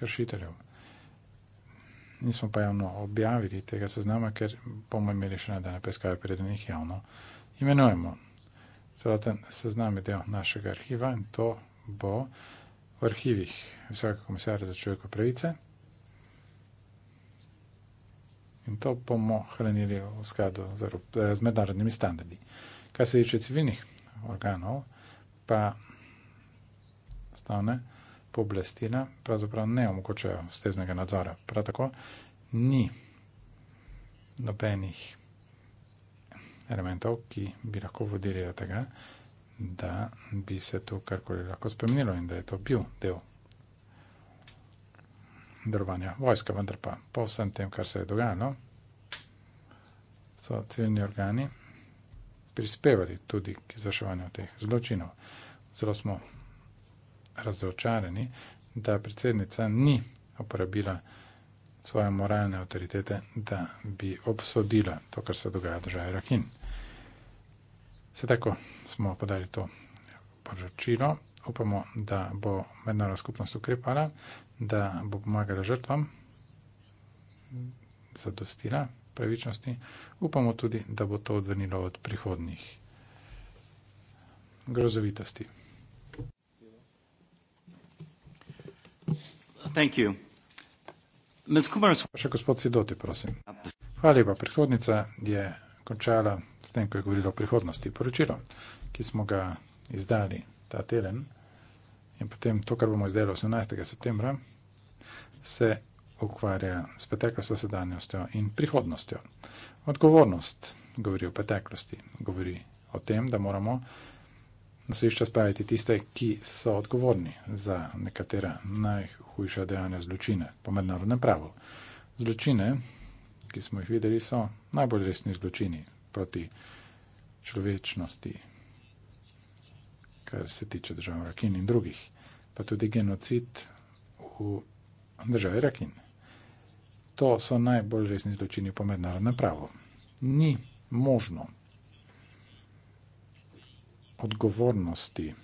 kršiteljev. Nismo pa javno objavili tega seznama, ker bomo imeli še nadaljne preiskave, preden jih javno imenujemo. Celoten seznam je del našega arhiva in to bo v arhivih Visokega komisarja za človekove pravice. In to bomo hranili v skladu z eh, mednarodnimi standardi. Kar se tiče civilnih organov, pa stavne pooblastila pravzaprav ne omogočajo steznega nadzora. Prav tako ni nobenih elementov, ki bi lahko vodili do tega, da bi se to karkoli lahko spremenilo in da je to bil del drvanja vojska, vendar pa po vsem tem, kar se je dogajalo, so civilni organi prispevali tudi k izvrševanju teh zločinov. Zelo smo razočarani, da predsednica ni uporabila svoje moralne avtoritete, da bi obsodila to, kar se dogaja v državi Rakin. Se tako smo podali to poročilo. Upamo, da bo mednarodna skupnost ukrepala, da bo pomagala žrtvam, zadostila pravičnosti. Upamo tudi, da bo to odvrnilo od prihodnih grozovitosti. Še gospod Sidoti, prosim. Hvala lepa. Prihodnica je končala s tem, ko je govorila o prihodnosti. Poročilo, ki smo ga izdali ta teden in potem to, kar bomo izdelali 18. septembra, se ukvarja s preteklostjo, sedanjostjo in prihodnostjo. Odgovornost govori o preteklosti, govori o tem, da moramo nosišča spraviti tiste, ki so odgovorni za nekatera najhujša dejanja zločine po mednarodnem pravu. Zločine, ki smo jih videli, so najbolj resni zločini proti človečnosti, kar se tiče države Rakin in drugih, pa tudi genocid v državi Rakin. To so najbolj resni zločini po mednarodnem pravu. Ni možno odgovornosti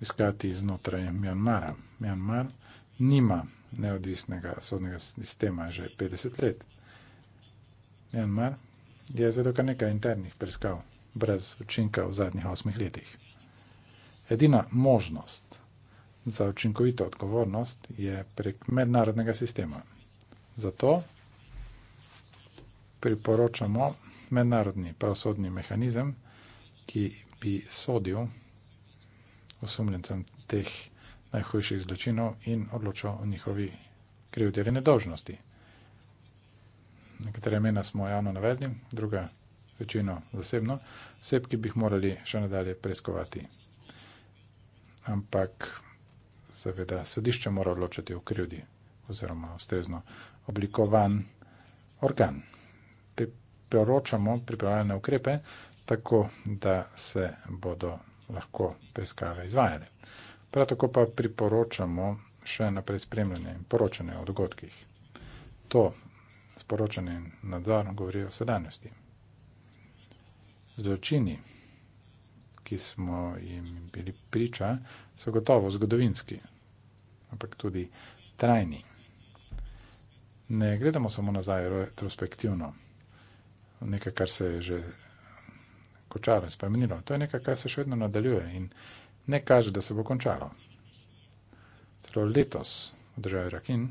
iskati znotraj Mjanmara. Mjanmar nima neodvisnega sodnega sistema že 50 let. Mjanmar je zelo kar nekaj internih preiskav brez učinka v zadnjih osmih letih. Edina možnost za učinkovito odgovornost je prek mednarodnega sistema. Zato priporočamo mednarodni pravosodni mehanizem, ki bi sodil osumljencem teh najhujših zločinov in odločal o njihovi krivdi ali nedožnosti. Nekatere imena smo javno navedli, druga večino zasebno, oseb, ki bi jih morali še nadalje preiskovati. Ampak seveda sodišče mora odločati o krivdi oziroma ustrezno oblikovan organ. Priporočamo pripravljene ukrepe, tako da se bodo lahko preiskave izvajale. Prav tako pa priporočamo še naprej spremljanje in poročanje o dogodkih. To sporočanje in nadzor govori o sedanjosti. Zločini, ki smo jim bili priča, so gotovo zgodovinski, ampak tudi trajni. Ne gledamo samo nazaj retrospektivno, nekaj, kar se je že končalo in spremenilo. To je nekaj, kar se še vedno nadaljuje in ne kaže, da se bo končalo. Celo letos v državi Rakin,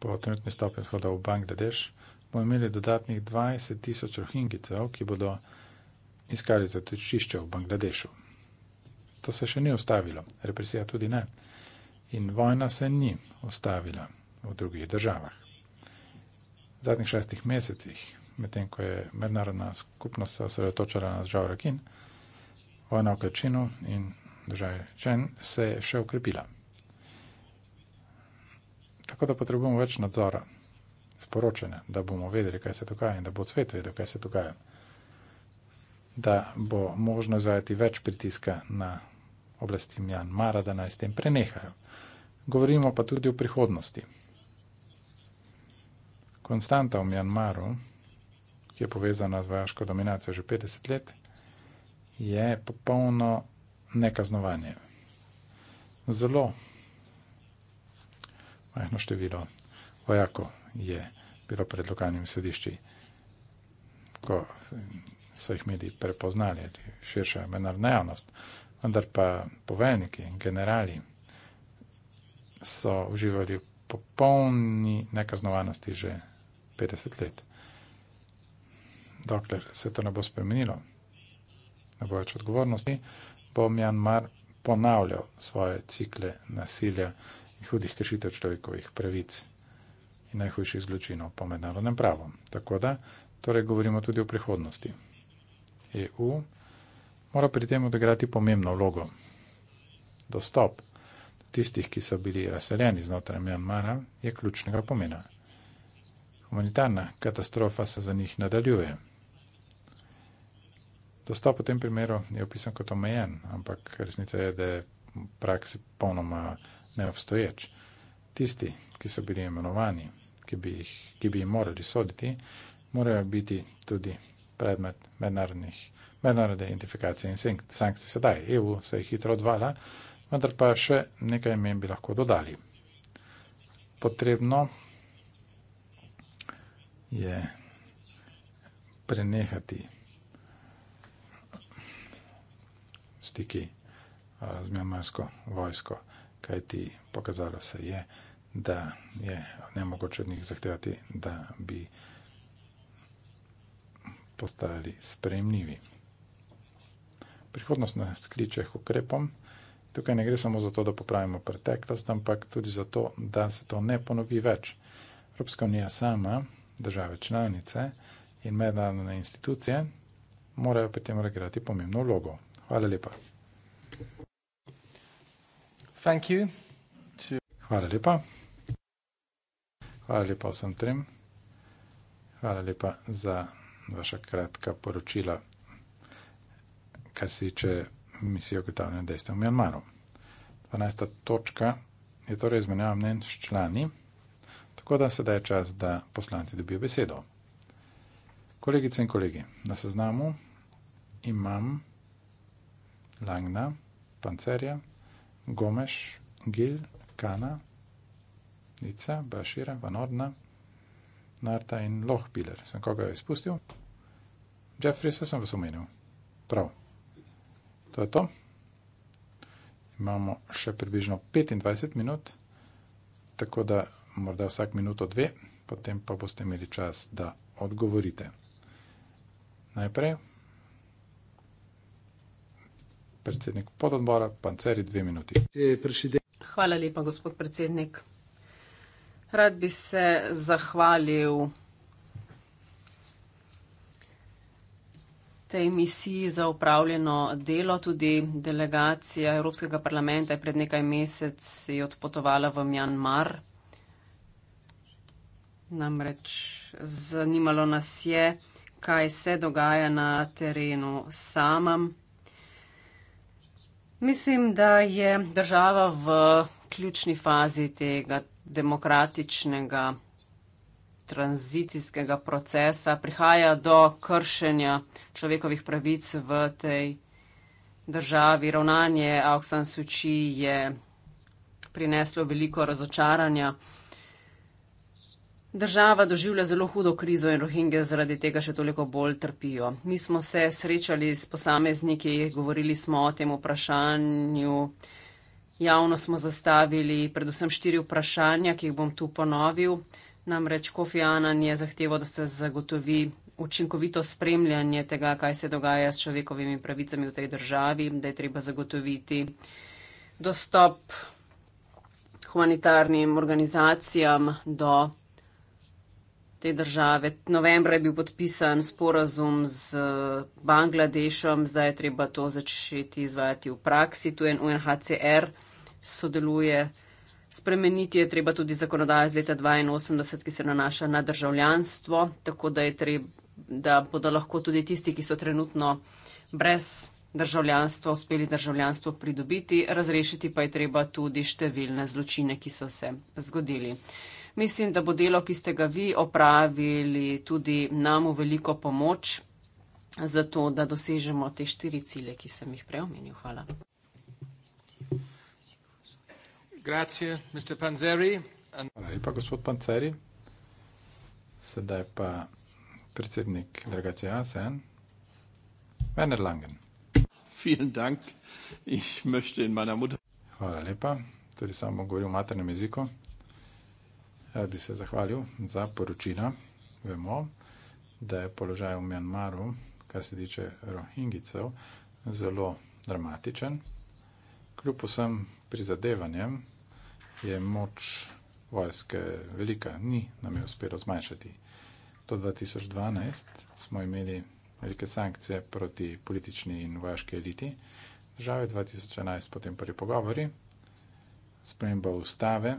po trenutni stopi odhoda v Bangladeš, bomo imeli dodatnih 20 tisoč rohingicev, ki bodo iskali zatočišče v Bangladešu. To se še ni ustavilo, represija tudi ne. In vojna se ni ustavila v drugih državah. V zadnjih šestih mesecih medtem ko je mednarodna skupnost osredotočala na državo Rakin, vojna v Kačinu in državi Čen se je še ukrepila. Tako da potrebujemo več nadzora, sporočanja, da bomo vedeli, kaj se dogaja in da bo svet vedel, kaj se dogaja. Da bo možno izvajati več pritiska na oblasti Mjanmara, da naj s tem prenehajo. Govorimo pa tudi o prihodnosti. Konstanta v Mjanmaru ki je povezana z vojaško dominacijo že 50 let, je popolno nekaznovanje. Zelo majhno število vojakov je bilo pred lokalnimi sodišči, ko so jih mediji prepoznali, širša mednarodna javnost, vendar pa poveljniki, generali so uživali popolni nekaznovanosti že 50 let dokler se to ne bo spremenilo, ne bo več odgovornosti, bo Mjanmar ponavljal svoje cikle nasilja in hudih kršitev človekovih pravic in najhujših zločinov po mednarodnem pravu. Tako da, torej govorimo tudi o prihodnosti. EU mora pri tem odigrati pomembno vlogo. Dostop tistih, ki so bili razseljeni znotraj Mjanmara, je ključnega pomena. Humanitarna katastrofa se za njih nadaljuje dostop v tem primeru je opisan kot omejen, ampak resnica je, da je praksi ponoma neobstoječ. Tisti, ki so bili imenovani, ki bi jih, ki bi jih morali soditi, morajo biti tudi predmet mednarodnih, mednarodne identifikacije in sankcij. Sedaj EU se je hitro odvala, vendar pa še nekaj imen bi lahko dodali. Potrebno je prenehati stiki z mjanmarsko vojsko, kaj ti pokazalo se je, da je nemogoče od njih zahtevati, da bi postali spremljivi. Prihodnost nas kliče k ukrepom. Tukaj ne gre samo za to, da popravimo preteklost, ampak tudi za to, da se to ne ponovi več. Evropska unija sama, države članice in mednarodne institucije morajo pri tem reagirati pomembno vlogo. Hvala lepa. Thank you to... Hvala lepa. Hvala lepa vsem trem. Hvala lepa za vaša kratka poročila, kar se tiče misije ugotavljanja dejstev v Mjanmaru. 12. točka je torej izmenjava mnen s člani, tako da sedaj je čas, da poslanci dobijo besedo. Kolegice in kolegi, na seznamu imam Langna, Pancerja, Gomeš, Gil, Kana, Ica, Bašira, Vanodna, Narta in Lohpiler. Sem koga izpustil? Jeffrisa sem vas omenil. Prav. To je to. Imamo še približno 25 minut, tako da morda vsak minuto dve, potem pa boste imeli čas, da odgovorite. Najprej predsednik pododbora, panceri dve minuti. Hvala lepa, gospod predsednik. Rad bi se zahvalil tej misiji za upravljeno delo. Tudi delegacija Evropskega parlamenta je pred nekaj meseci odpotovala v Mjanmar. Namreč zanimalo nas je, kaj se dogaja na terenu samem. Mislim, da je država v ključni fazi tega demokratičnega tranzicijskega procesa. Prihaja do kršenja človekovih pravic v tej državi. Ravnanje Aung San Suu Kyi je prineslo veliko razočaranja. Država doživlja zelo hudo krizo in rohinge zaradi tega še toliko bolj trpijo. Mi smo se srečali s posamezniki, govorili smo o tem vprašanju, javno smo zastavili predvsem štiri vprašanja, ki jih bom tu ponovil. Namreč Kofi Anan je zahteval, da se zagotovi učinkovito spremljanje tega, kaj se dogaja s človekovimi pravicami v tej državi, da je treba zagotoviti dostop humanitarnim organizacijam do te države. Novembra je bil podpisan sporazum z eh, Bangladešom, zdaj je treba to začeti izvajati v praksi. Tu je UNHCR sodeluje. Spremeniti je treba tudi zakonodajo iz leta 82, ki se nanaša na državljanstvo, tako da, treb, da bodo lahko tudi tisti, ki so trenutno brez državljanstva, uspeli državljanstvo pridobiti. Razrešiti pa je treba tudi številne zločine, ki so se zgodili. Mislim, da bo delo, ki ste ga vi opravili, tudi nam v veliko pomoč za to, da dosežemo te štiri cilje, ki sem jih preomenil. Hvala. Grazie, Mr. Panzeri. Hvala lepa, gospod Panzeri. Sedaj pa predsednik delegacije ASEAN, Werner Langen. Vielen Dank. Ich möchte in meiner Mutter. Hvala lepa. Tudi sam bom govoril v maternem jeziku. Rad bi se zahvalil za poročila. Vemo, da je položaj v Mjanmaru, kar se tiče rohingicev, zelo dramatičen. Kljub vsem prizadevanjem je moč vojske velika, ni nam je uspelo zmanjšati. Do 2012 smo imeli velike sankcije proti politični in vojaški eliti. Države 2011 potem prvi pogovori, sprememba ustave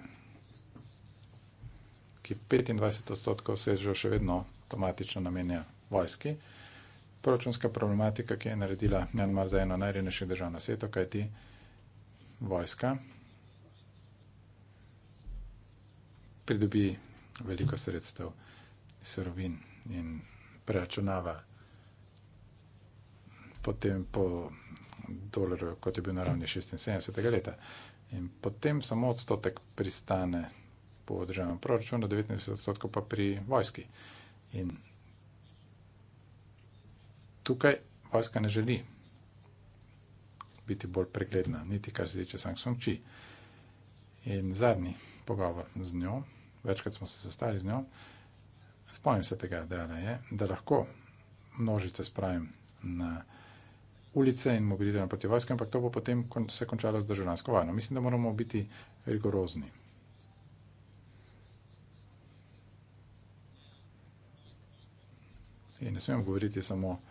ki 25 odstotkov sežejo še vedno avtomatično namenja vojski. Proračunska problematika, ki je naredila Mjanmar za eno najrenejših držav na svetu, kajti vojska pridobi veliko sredstev, surovin in preračunava potem po dolarju, kot je bil na ravni 76. leta. In potem samo odstotek pristane po državnem proračunu, 19 odstotkov pa pri vojski. In tukaj vojska ne želi biti bolj pregledna, niti kar se tiče Samsung Chi. In zadnji pogovor z njo, večkrat smo se sestali z njo, spomnim se tega, da je, da lahko množice spravim na ulice in mobilitirano proti vojske, ampak to bo potem se končalo z državljansko vojno. Mislim, da moramo biti rigorozni. in ne smemo govoriti samo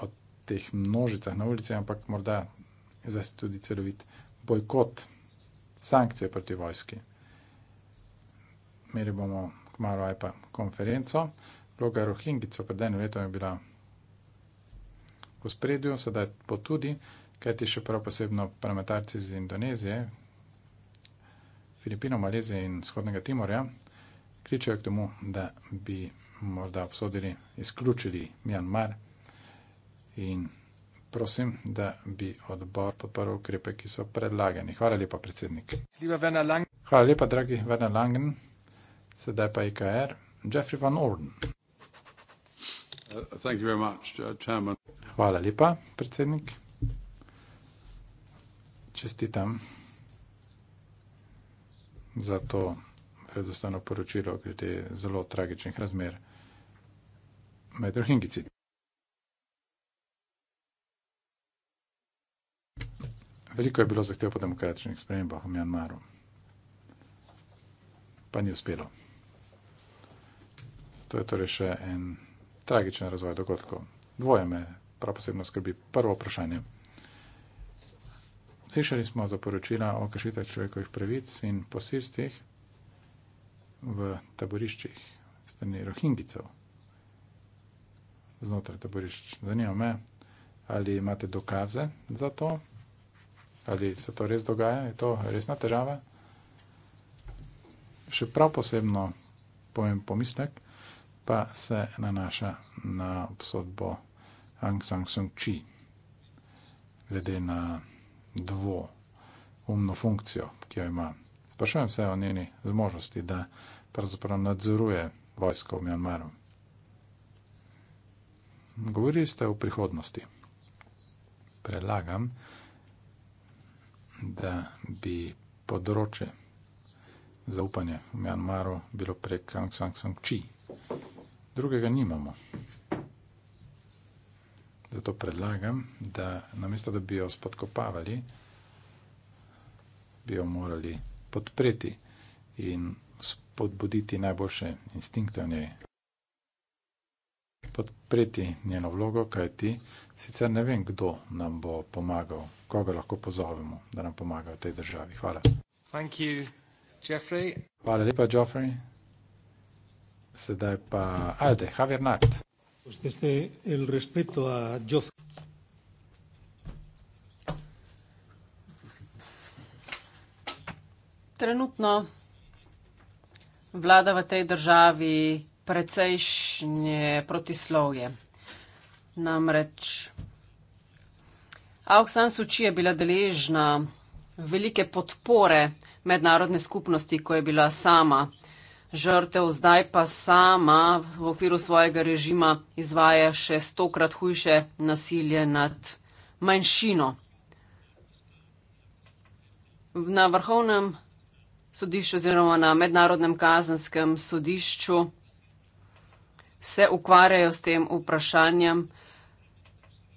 o teh množicah na ulici, ampak morda zdaj se tudi celovit bojkot sankcije proti vojski. Imeli bomo kmalo aj pa konferenco, vloga Rohingico pred enim letom je bila v spredju, sedaj pa tudi, kajti še prav posebno parlamentarci iz Indonezije, Filipino, Malezije in vzhodnega Timorja, kričajo k temu, da bi morda obsodili, izključili Mjanmar in prosim, da bi odbor podprl ukrepe, ki so predlagani. Hvala lepa, predsednik. Hvala lepa, dragi Werner Langen. Sedaj pa IKR. E Jeffrey Van Orden. Uh, thank you very much, uh, chairman. Hvala lepa, predsednik. Čestitam za to predostano poročilo glede zelo tragičnih razmer med rohingici. Veliko je bilo zahtev po demokratičnih spremembah v Mjanmaru, pa ni uspelo. To je torej še en tragičen razvoj dogodkov. Dvoje me prav posebno skrbi. Prvo vprašanje. Slišali smo za poročila o kršitev človekovih pravic in posilstvih, v taboriščih strani Rohingicev, znotraj taborišč. Zanima me, ali imate dokaze za to, ali se to res dogaja, je to resna težava. Še prav posebno povem pomislek, pa se nanaša na obsodbo Aung San Suu Kyi, glede na dvo umno funkcijo, ki jo ima. Sprašujem se o njeni zmožnosti, da pravzaprav nadzoruje vojsko v Mjanmaru. Govorili ste o prihodnosti. Predlagam, da bi področje zaupanja v Mjanmaru bilo prek Aung San Suu Kyi. Drugega nimamo. Zato predlagam, da namesto, da bi jo spodkopavali, bi jo morali podpreti in spodbuditi najboljše instinkte v njej. Podpreti njeno vlogo, kaj ti, sicer ne vem, kdo nam bo pomagal, koga lahko pozovemo, da nam pomaga v tej državi. Hvala. Thank you, Jeffrey. Hvala lepa, Jeffrey. Sedaj pa Alde, Javier Nart. Usteste el respeto a Jeff. Trenutno vlada v tej državi precejšnje protislovje. Namreč Aoksan Suči je bila deležna velike podpore mednarodne skupnosti, ko je bila sama žrtev, zdaj pa sama v okviru svojega režima izvaja še stokrat hujše nasilje nad manjšino. Na vrhovnem sodišču oziroma na mednarodnem kazenskem sodišču se ukvarjajo s tem vprašanjem.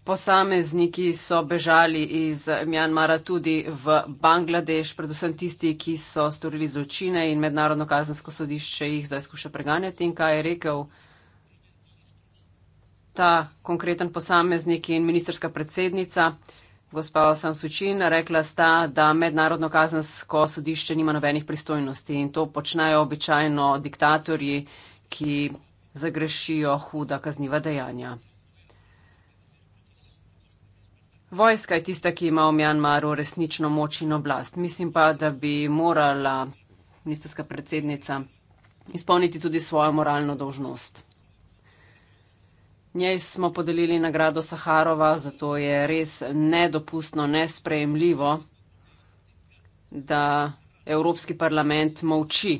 Posamezniki so bežali iz Mjanmara tudi v Bangladeš, predvsem tisti, ki so storili zločine in mednarodno kazensko sodišče jih zdaj skuša preganjati. In kaj je rekel ta konkreten posameznik in ministerska predsednica? Gospa Sansučin rekla sta, da mednarodno kazansko sodišče nima nobenih pristojnosti in to počnejo običajno diktatorji, ki zagrešijo huda kazniva dejanja. Vojska je tista, ki ima v Mjanmaru resnično moč in oblast. Mislim pa, da bi morala ministerska predsednica izpolniti tudi svojo moralno dolžnost. Njej smo podelili nagrado Saharova, zato je res nedopustno, nesprejemljivo, da Evropski parlament molči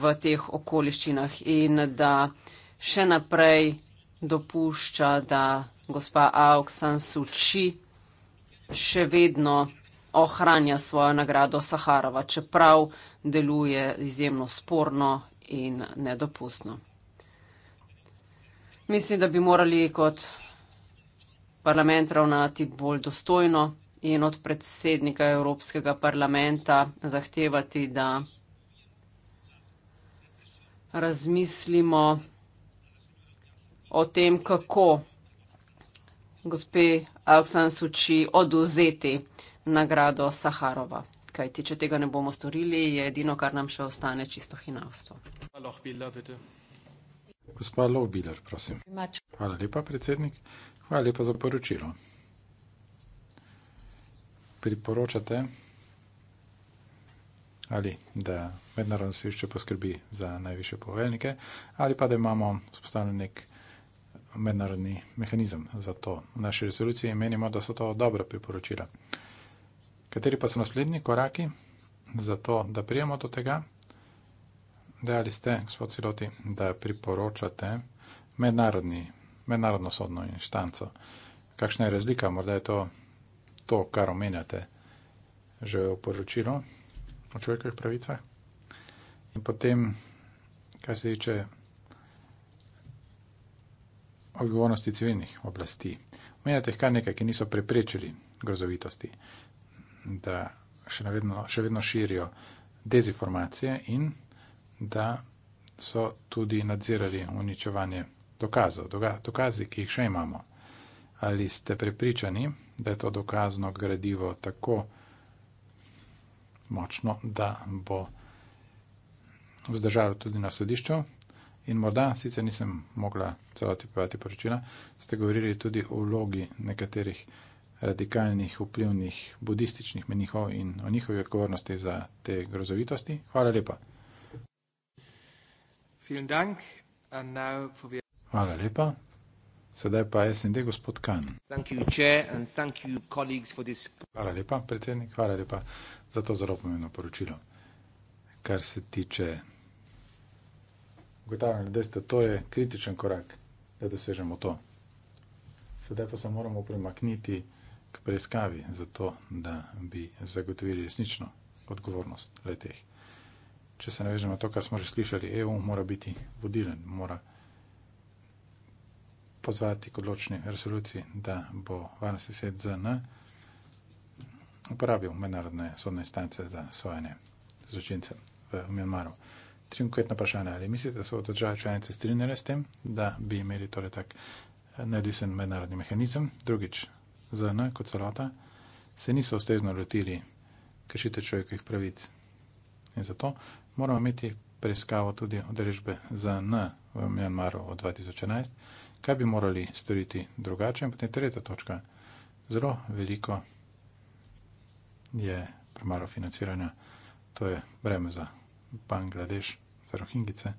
v teh okoliščinah in da še naprej dopušča, da gospa Aung San Suu Kyi še vedno ohranja svojo nagrado Saharova, čeprav deluje izjemno sporno in nedopustno. Mislim, da bi morali kot parlament ravnati bolj dostojno in od predsednika Evropskega parlamenta zahtevati, da razmislimo o tem, kako gospe Aksan Suči oduzeti nagrado Saharova. Kajti, če tega ne bomo storili, je edino, kar nam še ostane, čisto hinavstvo. Hvala, bila, Gospa Lovbiler, prosim. Hvala lepa, predsednik. Hvala lepa za poročilo. Priporočate ali da mednarodno sodišče poskrbi za najviše poveljnike ali pa da imamo vzpostavljen nek mednarodni mehanizem za to. V naši resoluciji menimo, da so to dobra priporočila. Kateri pa so naslednji koraki za to, da prijemo do tega? dejali ste, gospod Siloti, da priporočate mednarodni, mednarodno sodno inštanco. Kakšna je razlika, morda je to to, kar omenjate že v poročilu o človekovih pravicah. In potem, kaj se tiče odgovornosti civilnih oblasti. Omenjate kar nekaj, ki niso preprečili grozovitosti, da še, navedno, še vedno širijo dezinformacije in da so tudi nadzirali uničevanje dokazov, dokazi, ki jih še imamo. Ali ste prepričani, da je to dokazno gradivo tako močno, da bo vzdržalo tudi na sodišču? In morda, sicer nisem mogla celoti povedati poročila, ste govorili tudi o vlogi nekaterih radikalnih, vplivnih, budističnih menihov in o njihovi odgovornosti za te grozovitosti. Hvala lepa. Hvala lepa. Sedaj pa SND gospod Kan. Hvala lepa, predsednik, hvala lepa za to zelo pomembno poročilo. Kar se tiče ugotavljanja dejstva, to je kritičen korak, da dosežemo to. Sedaj pa se moramo premakniti k preiskavi, zato da bi zagotovili resnično odgovornost le teh če se navežemo to, kar smo že slišali, EU mora biti vodilen, mora pozvati k odločni resoluciji, da bo varnost sosed ZN uporabil mednarodne sodne instance za svojene zločince v Mjanmaru. Tri konkretne vprašanja. Ali mislite, da so države članice strinjene s tem, da bi imeli torej tak eh, neodvisen mednarodni mehanizem? Drugič, ZN kot celota se niso ustrezno lotili kršitev človekovih pravic In zato moramo imeti preiskavo tudi odrežbe za N v Mjanmaru od 2011, kaj bi morali storiti drugače. In potem tretja točka. Zelo veliko je premalo financiranja, to je breme za Bangladeš, za Rohingice,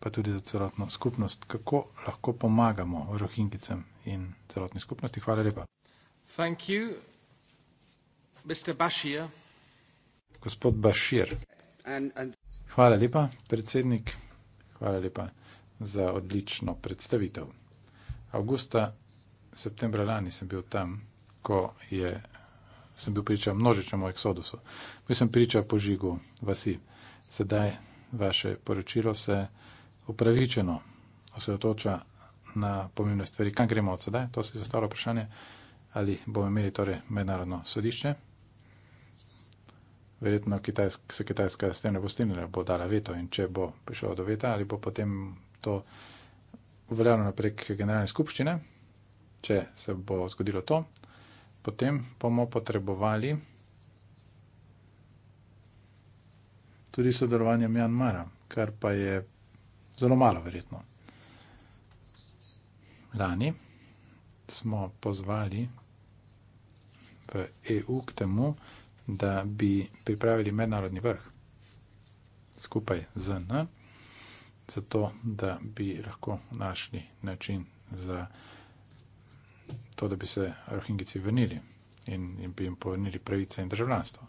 pa tudi za celotno skupnost. Kako lahko pomagamo Rohingicem in celotni skupnosti? Hvala lepa. Thank you, Mr. Bashir. Gospod Bashir. Hvala lepa, predsednik. Hvala lepa za odlično predstavitev. Augusta, septembra lani sem bil tam, ko je, sem bil priča množičnemu eksodusu. Bil sem priča požigu vasi. Sedaj vaše poročilo se upravičeno osredotoča na pomembne stvari. Kam gremo od sedaj? To se je zastavilo vprašanje, ali bomo imeli torej mednarodno sodišče verjetno kitajsk, se Kitajska s tem ne bo strinjala, bo dala veto in če bo prišlo do veta ali bo potem to uveljavljeno prek generalne skupščine, če se bo zgodilo to, potem bomo potrebovali tudi sodelovanje Mjanmara, kar pa je zelo malo verjetno. Lani smo pozvali v EU k temu, da bi pripravili mednarodni vrh skupaj z N, zato da bi lahko našli način za to, da bi se rohingici vrnili in, in bi jim povrnili pravice in državljanstvo.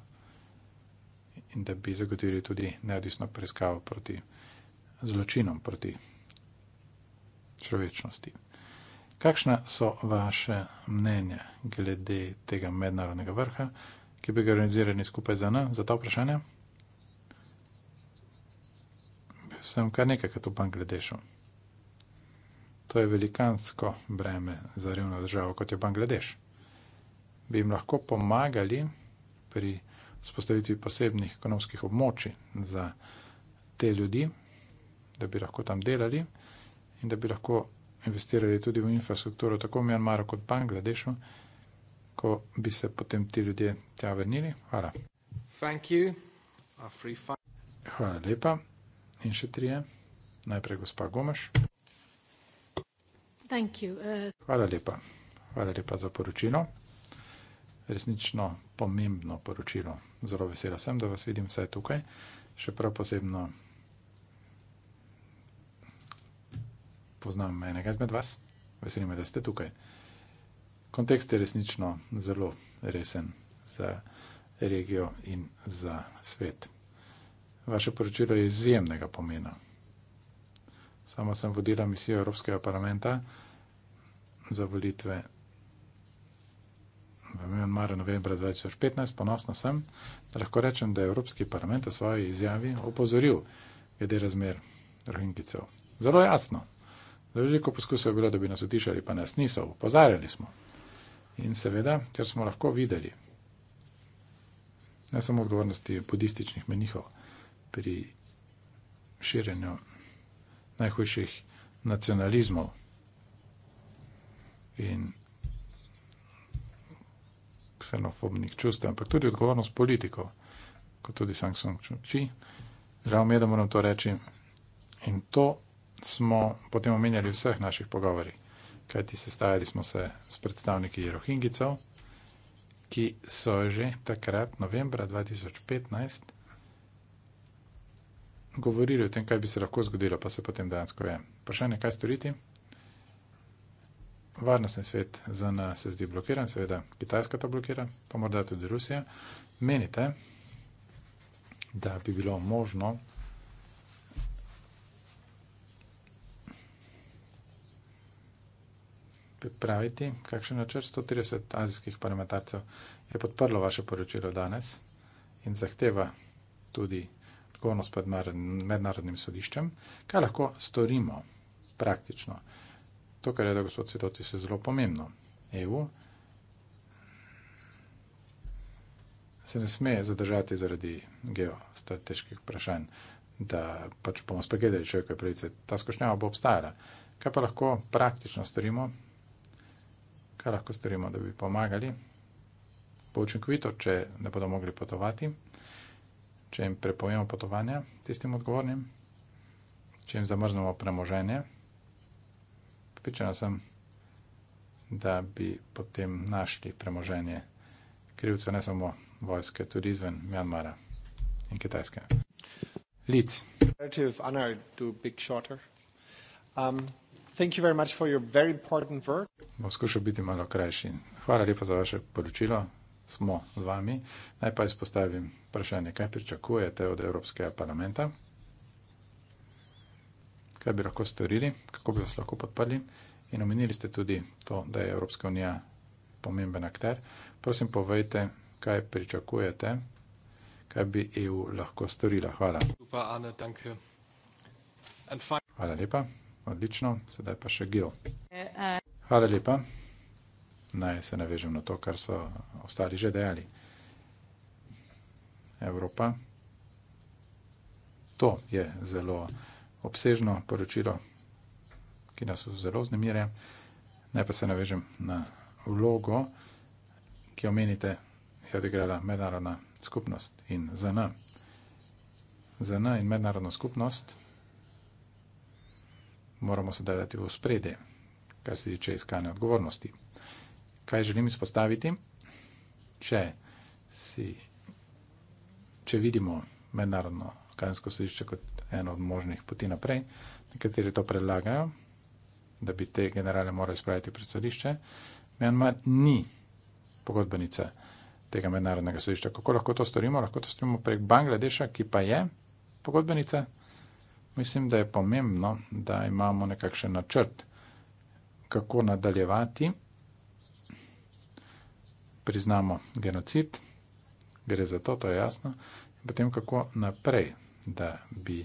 In da bi zagotovili tudi neodvisno preiskavo proti zločinom, proti človečnosti. Kakšna so vaše mnenja glede tega mednarodnega vrha? ki bi ga organizirali skupaj z ANA za ta vprašanja. Bil sem kar nekaj, kar tu v Bangladešu. To je velikansko breme za revno državo, kot je Bangladeš. Bi jim lahko pomagali pri spostavitvi posebnih ekonomskih območij za te ljudi, da bi lahko tam delali in da bi lahko investirali tudi v infrastrukturo tako v Mjanmaru kot v Bangladešu, kako bi se potem ti ljudje tja vrnili. Hvala. Hvala lepa. In še trije. Najprej gospa Gomaš. Uh, Hvala lepa. Hvala lepa za poročilo. Resnično pomembno poročilo. Zelo vesela sem, da vas vidim vse tukaj. Še prav posebno poznam enega med vas. Veselime, da ste tukaj kontekst je resnično zelo resen za regijo in za svet. Vaše poročilo je izjemnega pomena. Sama sem vodila misijo Evropskega parlamenta za volitve v Mjanmaru novembra 2015. Ponosna sem, da lahko rečem, da je Evropski parlament v svoji izjavi opozoril glede razmer rohingicev. Zelo jasno. Veliko poskusov je bilo, da bi nas utišali, pa nas niso. Upozarjali smo. In seveda, ker smo lahko videli, ne samo odgovornosti budističnih menihov pri širjenju najhujših nacionalizmov in ksenofobnih čustev, ampak tudi odgovornost politikov, kot tudi Sang Song Chi, žal mi je, da moram to reči, in to smo potem omenjali v vseh naših pogovorih kajti sestajali smo se s predstavniki Rohingicov, ki so že takrat, novembra 2015, govorili o tem, kaj bi se lahko zgodilo, pa se potem dejansko je. Vprašanje, kaj storiti? Varnostni svet za nas se zdi blokiran, seveda Kitajska to blokira, pa morda tudi Rusija. Menite, da bi bilo možno pripraviti, kakšen načrt 130 azijskih parlamentarcev je podprlo vaše poročilo danes in zahteva tudi odgovornost pred mednarodnim sodiščem, kaj lahko storimo praktično. To, kar je, da gospod Cvetoti, je zelo pomembno. EU se ne sme zadržati zaradi geostrateških vprašanj, da pač bomo spregledali človekove pravice. Ta skušnjava bo obstajala. Kaj pa lahko praktično storimo, kaj lahko storimo, da bi pomagali. Bo učinkovito, če ne bodo mogli potovati, če jim prepovemo potovanja tistim odgovornim, če jim zamrznemo premoženje. Pričana sem, da bi potem našli premoženje krivcev ne samo vojske, tudi izven Mjanmara in Kitajske. Lic. Um, thank you very much for your very important work bom skušal biti malo krajši. Hvala lepa za vaše poročilo, smo z vami. Naj pa izpostavim vprašanje, kaj pričakujete od Evropskega parlamenta? Kaj bi lahko storili, kako bi vas lahko podprli? In omenili ste tudi to, da je Evropska unija pomemben akter. Prosim, povejte, kaj pričakujete, kaj bi EU lahko storila. Hvala. Hvala lepa, odlično. Sedaj pa še Gil. Hvala lepa. Naj se navežem na to, kar so ostali že dejali. Evropa. To je zelo obsežno poročilo, ki nas zelo znemirja. Naj pa se navežem na vlogo, ki omenite, je odigrala mednarodna skupnost in ZN. ZN in mednarodna skupnost moramo se dajati v spredje kar se tiče iskanja odgovornosti. Kaj želim izpostaviti? Če, si, če vidimo mednarodno kazensko sodišče kot eno od možnih poti naprej, nekateri to predlagajo, da bi te generale morali spraviti pred sodišče, Mjanmar ni pogodbenica tega mednarodnega sodišča. Kako lahko to storimo? Lahko to storimo prek Bangladeša, ki pa je pogodbenica. Mislim, da je pomembno, da imamo nekakšen načrt, kako nadaljevati. Priznamo genocid, gre za to, to je jasno. Potem kako naprej, da bi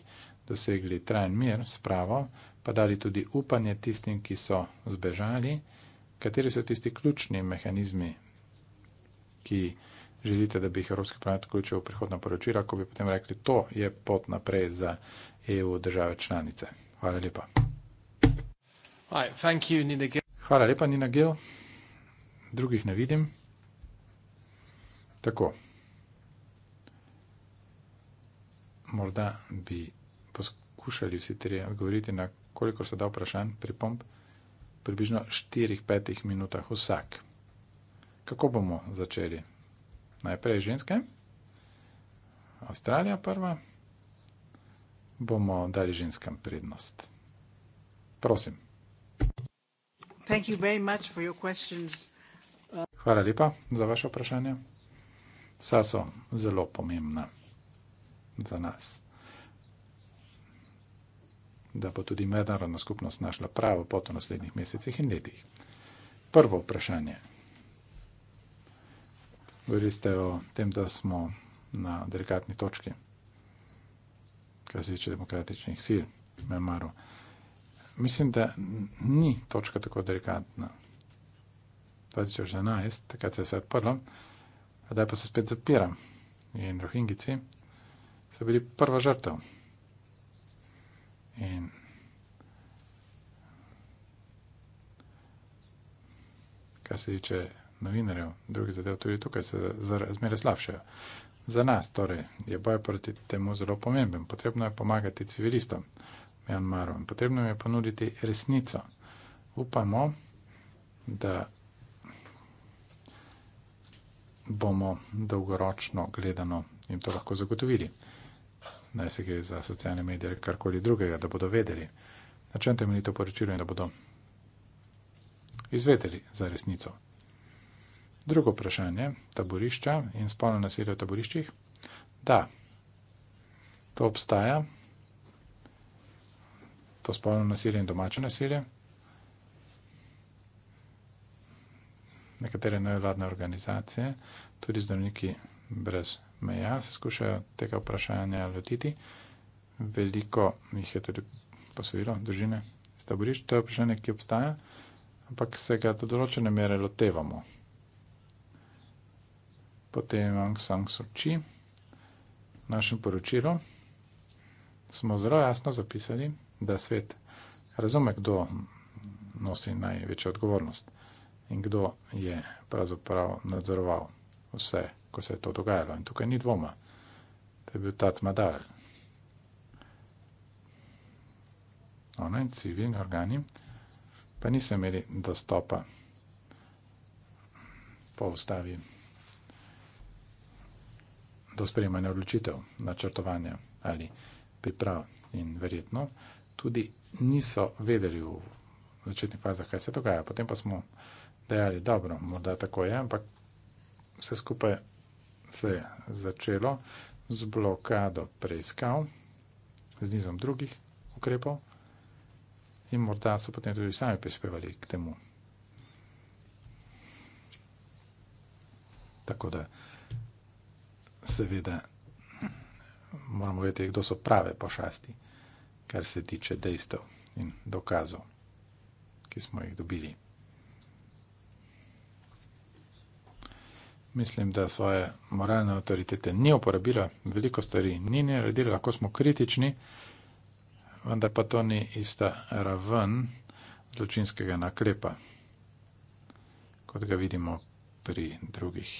dosegli trajen mir, spravo, pa dali tudi upanje tistim, ki so zbežali, kateri so tisti ključni mehanizmi, ki želite, da bi jih Evropski parlament vključil v prihodna poročila, ko bi potem rekli, to je pot naprej za EU države članice. Hvala lepa. Hvala lepa, Nina Gel. Drugih ne vidim. Tako. Morda bi poskušali vsi trije odgovoriti na koliko se da vprašanj pri pomp, približno 4-5 minutah vsak. Kako bomo začeli? Najprej ženske, Avstralija prva, bomo dali ženskam prednost. Prosim. Hvala lepa za vaše vprašanje. Vsa so zelo pomembna za nas. Da bo tudi mednarodna skupnost našla pravo pot v naslednjih mesecih in letih. Prvo vprašanje. Govorili ste o tem, da smo na delikatni točki, kar se tiče demokratičnih sil v Memaru. Mislim, da ni točka tako delikatna. 2011, takrat se je vse odprlo, zdaj pa se spet zapira. In rohingici so bili prva žrtev. In kar se tiče novinarjev, drugih zadev, tudi tukaj se zmeri slabšajo. Za nas torej je boj proti temu zelo pomemben. Potrebno je pomagati civilistom. Mjanmarom. Potrebno je ponuditi resnico. Upamo, da bomo dolgoročno gledano jim to lahko zagotovili. Naj se gre za socialne medije ali karkoli drugega, da bodo vedeli. Načem temeljito poročilo in da bodo izvedeli za resnico. Drugo vprašanje, taborišča in spolno nasilje v taboriščih. Da, to obstaja to spolno nasilje in domače nasilje. Nekatere nevladne organizacije, tudi zdravniki brez meja, se skušajo tega vprašanja lotiti. Veliko jih je tudi posvojilo, družine iz taborišč. To je vprašanje, ki obstaja, ampak se ga do določene mere lotevamo. Potem Aung San Suu Kyi, v našem poročilu smo zelo jasno zapisali, da svet razume, kdo nosi največjo odgovornost in kdo je pravzaprav nadzoroval vse, ko se je to dogajalo. In tukaj ni dvoma, to je bil Tatmadal. Ona in civilni organi pa niso imeli dostopa po ustavi do sprejemanja odločitev, načrtovanja ali priprav in verjetno tudi niso vedeli v začetnih fazah, kaj se dogaja. Potem pa smo dejali, dobro, morda tako je, ampak vse skupaj se je začelo z blokado preiskav, z nizom drugih ukrepov in morda so potem tudi sami prispevali k temu. Tako da seveda moramo vedeti, kdo so prave pošasti kar se tiče dejstev in dokazov, ki smo jih dobili. Mislim, da svoje moralne avtoritete ni uporabila, veliko stvari ni naredila, lahko smo kritični, vendar pa to ni ista raven zločinskega naklepa, kot ga vidimo pri drugih.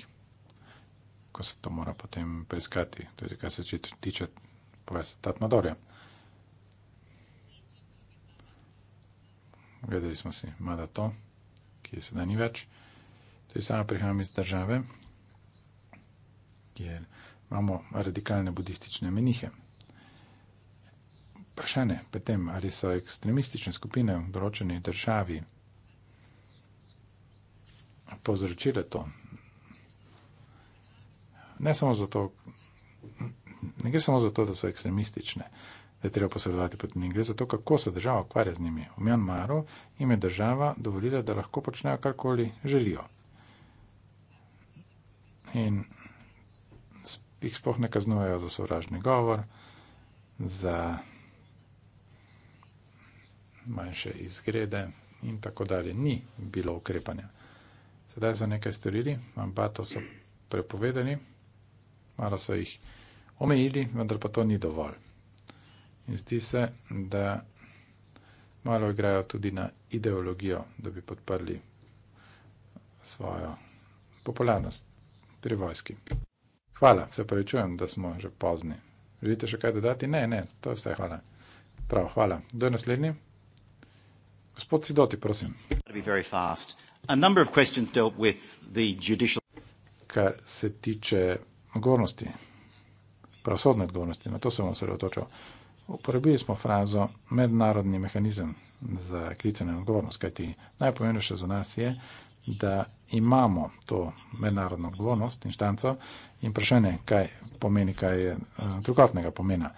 Ko se to mora potem preiskati, tudi kar se tiče, tiče povesta Tatmadorja. gledali smo si mada to, ki je sedaj ni več. To je sama prihajam iz države, kjer imamo radikalne budistične menihe. Vprašanje pri tem, ali so ekstremistične skupine v določeni državi povzročile to. Ne samo zato, ne gre samo zato, da so ekstremistične, da je treba posredovati proti njim. Gre za to, kako se država ukvarja z njimi. V Mjanmaru jim je država dovolila, da lahko počnejo karkoli želijo. In jih sploh ne kaznujejo za sovražni govor, za manjše izgrede in tako dalje. Ni bilo ukrepanja. Sedaj so nekaj storili, ambato so prepovedali, malo so jih omejili, vendar pa to ni dovolj. In zdi se, da malo igrajo tudi na ideologijo, da bi podprli svojo popularnost pri vojski. Hvala, se prevečujem, da smo že pozni. Želite še kaj dodati? Ne, ne, to je vse, hvala. Prav, hvala. Do naslednji. Gospod Sidoti, prosim. Kar se tiče odgovornosti, pravosodne odgovornosti, na to sem osredotočal. Se Uporabili smo frazo mednarodni mehanizem za klicanje na odgovornost, kajti najpomembnejše za nas je, da imamo to mednarodno odgovornost, inštanco in vprašanje, kaj pomeni, kaj je eh, drugotnega pomena.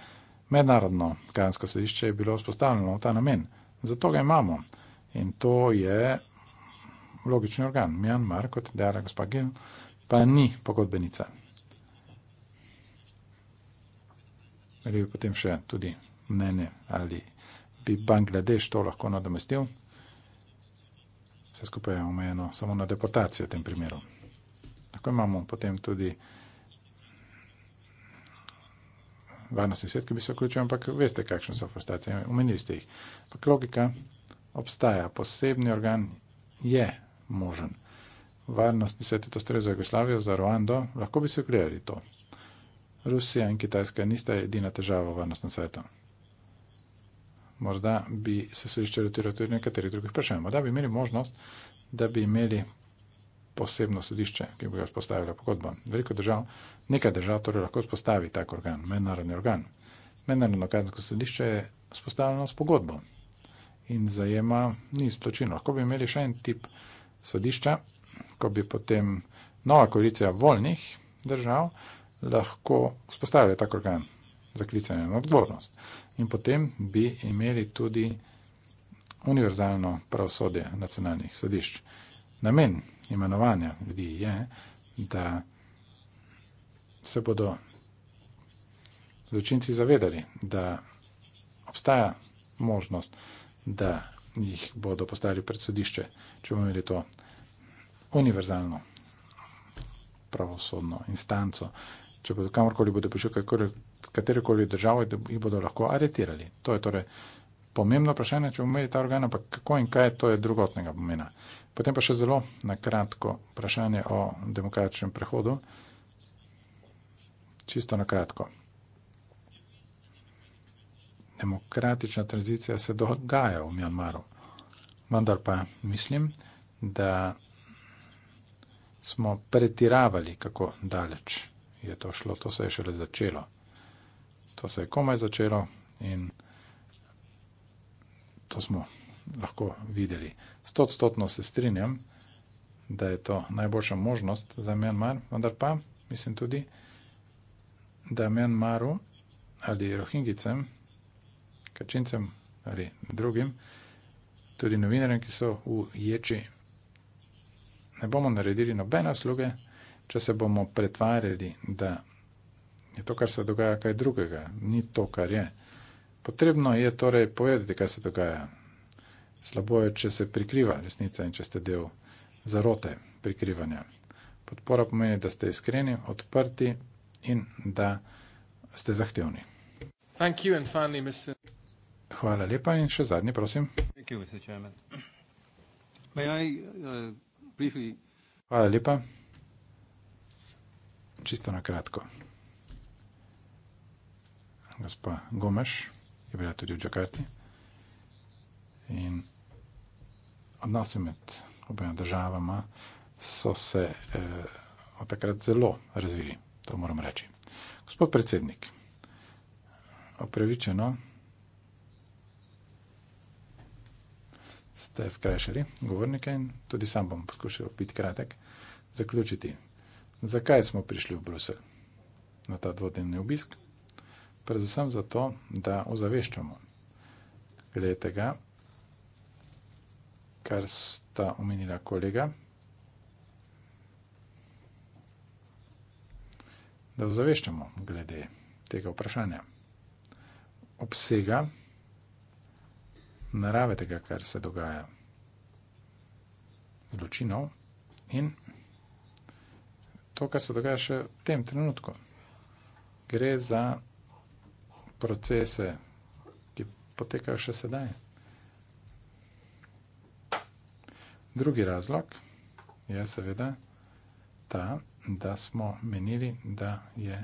Mednarodno kajansko sodišče je bilo vzpostavljeno v ta namen, zato ga imamo in to je logični organ. Mjanmar, kot je dejala gospa Gil, pa ni pogodbenica. ali bi potem še tudi mnenje, ali bi Bangladeš to lahko nadomestil. Vse skupaj je omejeno samo na deportacijo v tem primeru. Lahko imamo potem tudi varnostni svet, ki bi se vključil, ampak veste, kakšne so frustracije. Umenili ste jih. Ampak logika obstaja. Posebni organ je možen. Varnostni svet je to strezo Jugoslavijo za Ruando. Lahko bi se ogledali to. Rusija in Kitajska nista edina težava v varnostnem svetu. Morda bi se sodišče rotiralo tudi nekaterih drugih vprašanj. Morda bi imeli možnost, da bi imeli posebno sodišče, ki bi ga vzpostavila pogodba. Veliko držav, nekaj držav torej lahko vzpostavi tak organ, mednarodni organ. Mednarodno kazensko sodišče je vzpostavljeno s pogodbo in zajema niz točino. Lahko bi imeli še en tip sodišča, ko bi potem nova koalicija voljnih držav lahko vzpostavili tak organ za klicanje na odgovornost. In potem bi imeli tudi univerzalno pravosodje nacionalnih sodišč. Namen imenovanja ljudi je, da se bodo zločinci zavedali, da obstaja možnost, da jih bodo postavili pred sodišče, če bomo imeli to univerzalno pravosodno instanco, če bodo kamorkoli bodo prišli, katero koli državo, jih bodo lahko aretirali. To je torej pomembno vprašanje, če bomo imeli ta organ, ampak kako in kaj to je drugotnega pomena. Potem pa še zelo na kratko vprašanje o demokratičnem prehodu. Čisto na kratko. Demokratična tranzicija se dogaja v Mjanmaru, vendar pa mislim, da smo pretiravali, kako daleč je to šlo, to se je šele začelo. To se je komaj začelo in to smo lahko videli. Stotstotno se strinjam, da je to najboljša možnost za Mjanmar, vendar pa mislim tudi, da Mjanmaru ali Rohingicem, Kačincem ali drugim, tudi novinarjem, ki so v ječi, ne bomo naredili nobene usluge, da bomo naredili nobene usluge, če se bomo pretvarjali, da je to, kar se dogaja, kaj drugega, ni to, kar je. Potrebno je torej povedati, kaj se dogaja. Slabo je, če se prikriva resnica in če ste del zarote prikrivanja. Podpora pomeni, da ste iskreni, odprti in da ste zahtevni. Hvala lepa in še zadnji, prosim. Uh, Hvala lepa čisto na kratko. Gospa Gomes je bila tudi v Džakarti in odnose med obema državama so se eh, od takrat zelo razvili, to moram reči. Gospod predsednik, opravičeno ste skrajšali govornike in tudi sam bom poskušal biti kratek, zaključiti Zakaj smo prišli v Bruselj na ta dvodnevni obisk? Predvsem zato, da ozaveščamo glede tega, kar sta omenila kolega, da ozaveščamo glede tega vprašanja obsega narave tega, kar se dogaja zločinov in to, kar se dogaja še v tem trenutku. Gre za procese, ki potekajo še sedaj. Drugi razlog je seveda ta, da smo menili, da je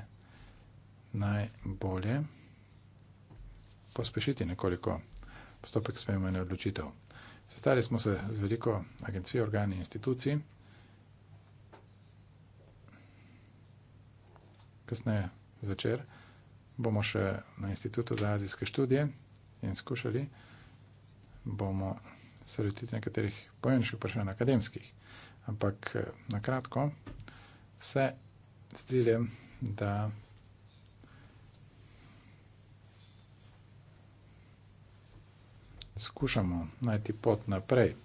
najbolje pospešiti nekoliko postopek sprejemanja odločitev. Sestali smo se z veliko agencij, organi, institucij. kasneje zvečer, bomo še na Institutu za azijske študije in skušali, bomo se lotiti nekaterih pojemniških vprašanj akademskih. Ampak eh, na kratko, vse striljem, da skušamo najti pot naprej,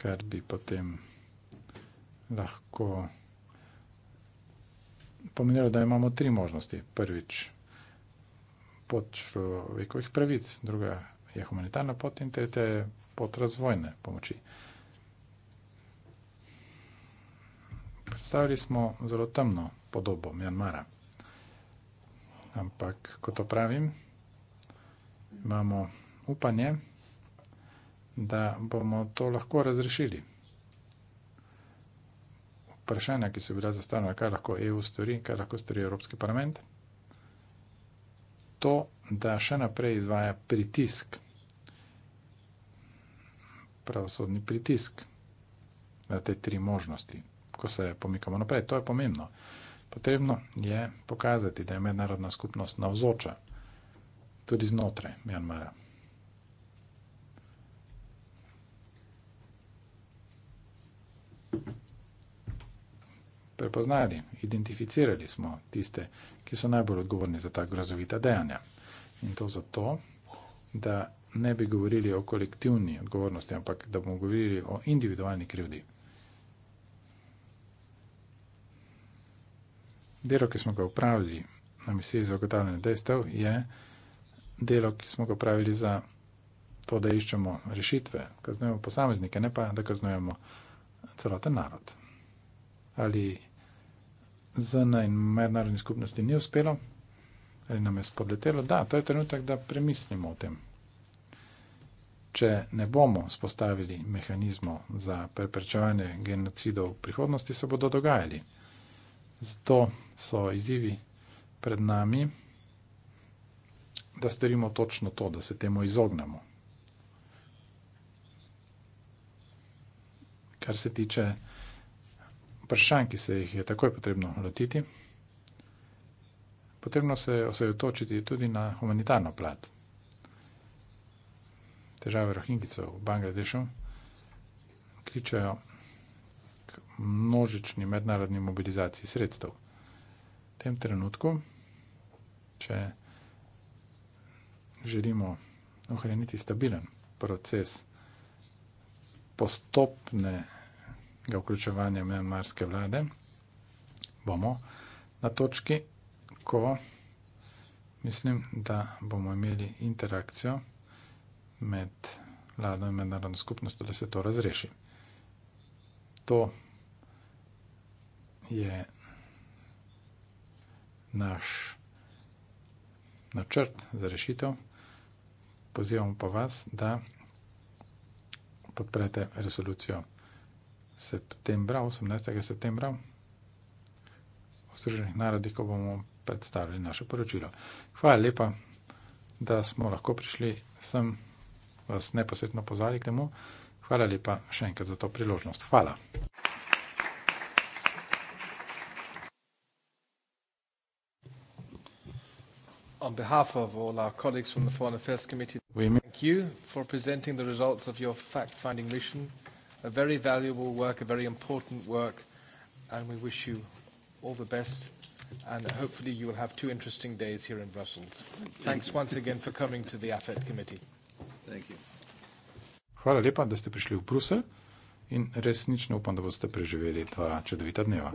kar bi potem lahko pomenilo, da imamo tri možnosti. Prvič, pot človekovih pravic, druga je humanitarna pot in tretja je pot razvojne pomoči. Predstavili smo zelo temno podobo Mjanmara. Ampak, ko to pravim, imamo upanje, da bomo to lahko razrešili vprašanja, ki so bila zastavljena, kaj lahko EU stori, kaj lahko stori Evropski parlament, to, da še naprej izvaja pritisk, pravosodni pritisk na te tri možnosti, ko se pomikamo naprej. To je pomembno. Potrebno je pokazati, da je mednarodna skupnost navzoča tudi znotraj Mjanmara. prepoznali, identificirali smo tiste, ki so najbolj odgovorni za ta grozovita dejanja. In to zato, da ne bi govorili o kolektivni odgovornosti, ampak da bomo govorili o individualni krivdi. Delo, ki smo ga upravili na misiji za ugotavljanje dejstev, je delo, ki smo ga upravili za to, da iščemo rešitve, kaznujemo posameznike, ne pa da kaznujemo celoten narod. Ali ZN in mednarodni skupnosti ni uspelo, ali nam je spodletelo, da, to je trenutek, da premislimo o tem. Če ne bomo spostavili mehanizmov za preprečevanje genocidov v prihodnosti, se bodo dogajali. Zato so izzivi pred nami, da storimo točno to, da se temu izognemo. Kar se tiče vprašanj, ki se jih je takoj potrebno lotiti, potrebno se je osredotočiti tudi na humanitarno plat. Težave rohingicov v Bangladešu kličajo k množični mednarodni mobilizaciji sredstev. V tem trenutku, če želimo ohraniti stabilen proces postopne tega vključevanja mjanmarske vlade, bomo na točki, ko mislim, da bomo imeli interakcijo med vlado in mednarodno skupnostjo, da se to razreši. To je naš načrt za rešitev. Pozivamo pa vas, da podprete resolucijo 2.0.0 septembra, 18. septembra v Združenih narodih, ko bomo predstavili naše poročilo. Hvala lepa, da smo lahko prišli sem vas neposredno pozvali k temu. Hvala lepa še enkrat za to priložnost. Hvala. On behalf of all our colleagues from the Foreign Affairs Committee, thank you for presenting the results of your fact-finding mission a very valuable work, a very important work, and we wish you all the best. And hopefully, you will have two interesting days here in Brussels. Thanks once again for coming to the AFET committee. Thank you. Hvala lepa, da ste prišli v Bruselj in resnično upam, da boste preživeli ta čudovita dneva.